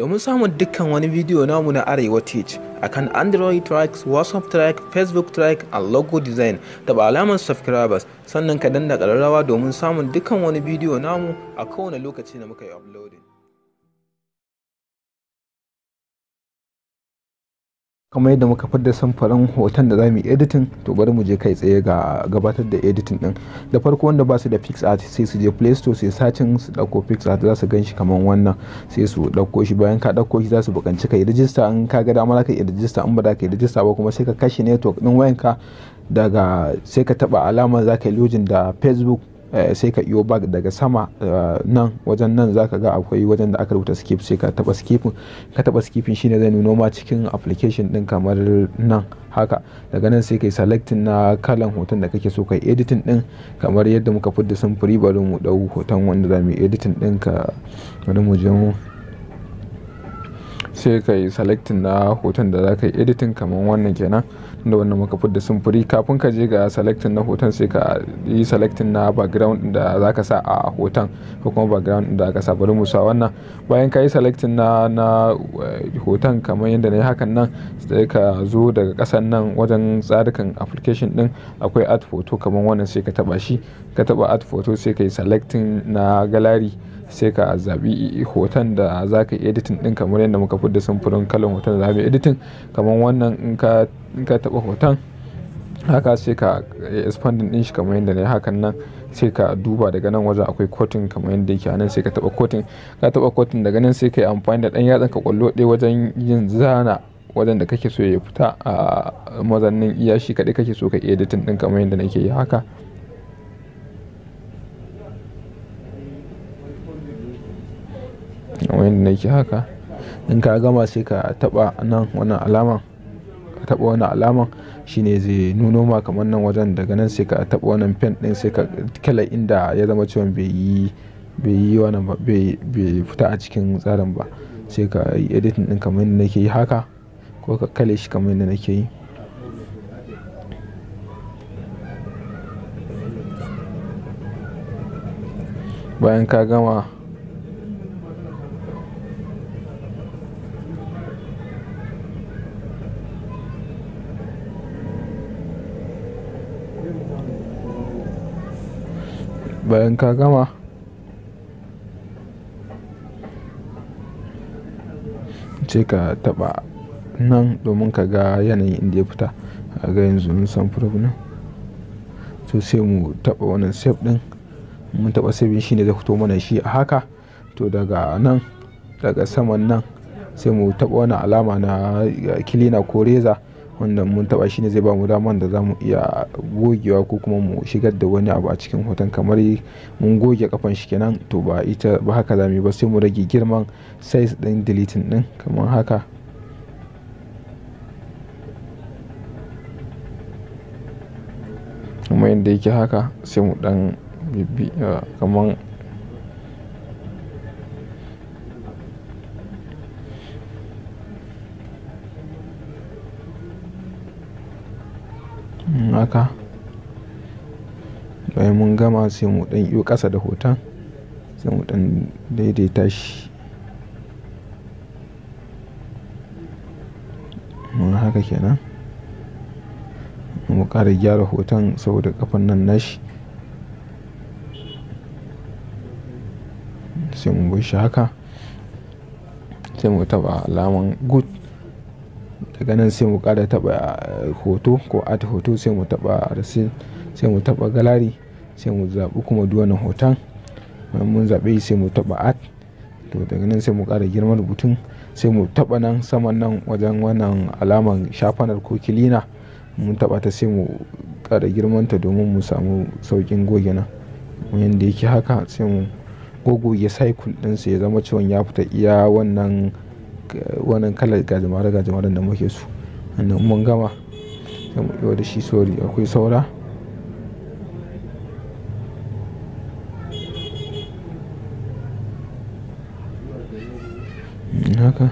domin samun dukkan wani bidiyo namu na arewa teach akan android track whatsapp track facebook track and logo design ba alamar subscribers sannan ka danna kararrawa domin samun dukkan wani bidiyo namu a kowane lokaci da muka yi uploading kamar yadda muka fidda samfarin hoton da za mu yi editing to bari mu je kai tsaye ga gabatar da editing din da farko wanda ba su da art sai su je play store sai sacin su dauko pixart za su gan shi kamar wannan sai su dauko shi bayan ka dauko shi za su bukanci ka yi rijista in ka ga dama za ka yi rijista in ba za ka yi rijista ba kuma sai ka kashe network din wayanka daga sai ka taba alama za ka yi login da facebook Eh, sai ka iyo bag daga sama eh, nan wajen nan zaka ga akwai wajen da aka rubuta skip sai ka taba skipin ka taba skipin shine zai nuno ma cikin application din kamar nan haka daga nan sai kai selecting na kalan hoton da kake so kai editing din kamar yadda muka fidda samfuri bari mu dau hoton wanda za mu editing din ka bari mu je sai kai selecting na hoton da za ka yi editing kamar wannan kenan da wannan muka fidda sumfuri kafin ka je ga selecting na hoton sai ka yi selecting na background da zaka sa a hoton ko kuma background da aka sa bari mu wannan bayan ka yi selecting na na eh, hoton kamar yadda na yi hakan nan sai ka zo daga kasan nan wajen tsarukan application din akwai art photo kamar wannan sai ka taba shi ka taba art photo sai ka yi selecting na gallery sai ka zaɓi hoton da za ka editin ɗin kamar yadda muka fidda samfurin kalan hoton da za mu editin kamar wannan in ka taɓa hoton haka sai ka expandin din shi kamar yadda ne hakan nan sai ka duba daga nan wajen akwai kotun kamar yadda yake nan sai ka taba kotun ka taba kotun daga nan sai ka yi amfani da dan yatsan ka kwallo ɗaya wajen yin zana wajen da kake so ya fita a mazannin iya kaɗai kake so ka editin din kamar yadda nake yi haka wayan da nake haka in ka gama sai ka taba nan wannan alaman ka taɓa wannan alaman shine zai nuno ma kamar nan wajen daga nan sai ka taba wannan pen din sai ka kala inda ya zama cewa bai yi bai yi wannan ba bai fita a cikin tsarin ba sai ka yi editing din kamar yadda nake yi haka ko ka kale shi kamar yadda nake yi bayan ka gama bayan ka gama ce ka taba nan domin ka ga yanayin inda ya fita a ga yanzu san furgunan to sai mu taba wannan sef din mun taba save shi ne zai fito mana shi a haka to daga nan daga saman nan sai mu taba wani alama na kilina ko reza wanda mun taba shi ne zai ba mu daman da za mu iya gogewa ko kuma mu shigar da wani abu a cikin hoton kamar mun goge kafan shi kenan to ba ita ba haka za mu ba sai mu rage girman size ɗin deleting din kamar haka kuma yadda yake haka sai mu dan bibbi ah, kamar Mm, haka bayan mun gama sai mu ɗan yi ƙasa da hoton sai mu ɗan daidaita shi mun haka kenan mu ƙara gyara hoton saboda kafan nan nashi sai mu bushe haka sai mu taɓa alaman good daga nan sai mu kara taɓa eh, hoto ko ata hoto sai mu taba rasin sai mu taba galari sai mu zaɓi kuma duwannan hoton mun zaɓe sai mu taba art to daga nan sai mu kara girman rubutun sai mu taba nan saman nan wajen wannan alaman shafanar ko kilina mun taba ta sai mu girman girmanta domin mu samu saukin goge nan yadda yake haka sai mu gogoge cycle ɗinsa ya zama ciwon ya fita iya wannan Eh, wannan kalar gajimare gajimaren da muke su wannan mun gama sai mu shi sori akwai saura hmm, haka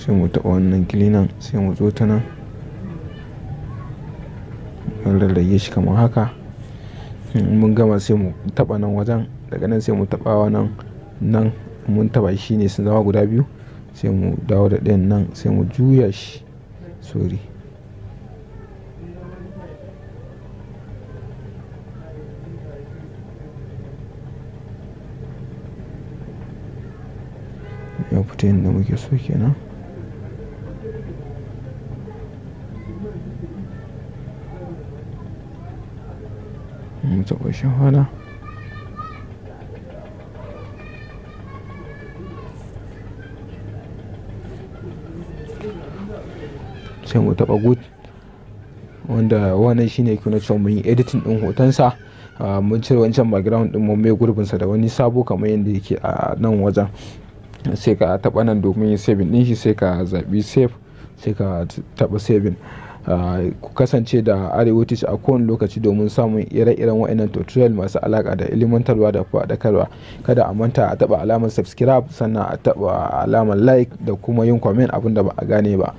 sai mu taɓa wannan kilinan sai mu zo ta nan rarrage shi kamar haka mun gama sai mu taɓa nan wajen daga nan sai mu taba nan nan mun taɓa shi ne sun zama guda biyu sai mu dawo da ɗayan nan sai mu juya shi sorry ya fita yadda muke so kenan mutu sai mu taɓa good wanda wannan shine ke na cewa mun yi editing din hotonsa ah, mun cire wancan background din mu mai sa da wani sabo kamar yadda yake a nan wajen sai ka taɓa nan domin saving din shi sai ka zaɓi save sai ka taɓa saving Ah, ku kasance da arewacin a kowane lokaci domin samun ire-iren wa'annan tutorial masu alaƙa da ilimantarwa da faɗakarwa kada a manta a taɓa alamar subscribe sannan a taɓa alamar like da kuma yin comment abin ba a gane ba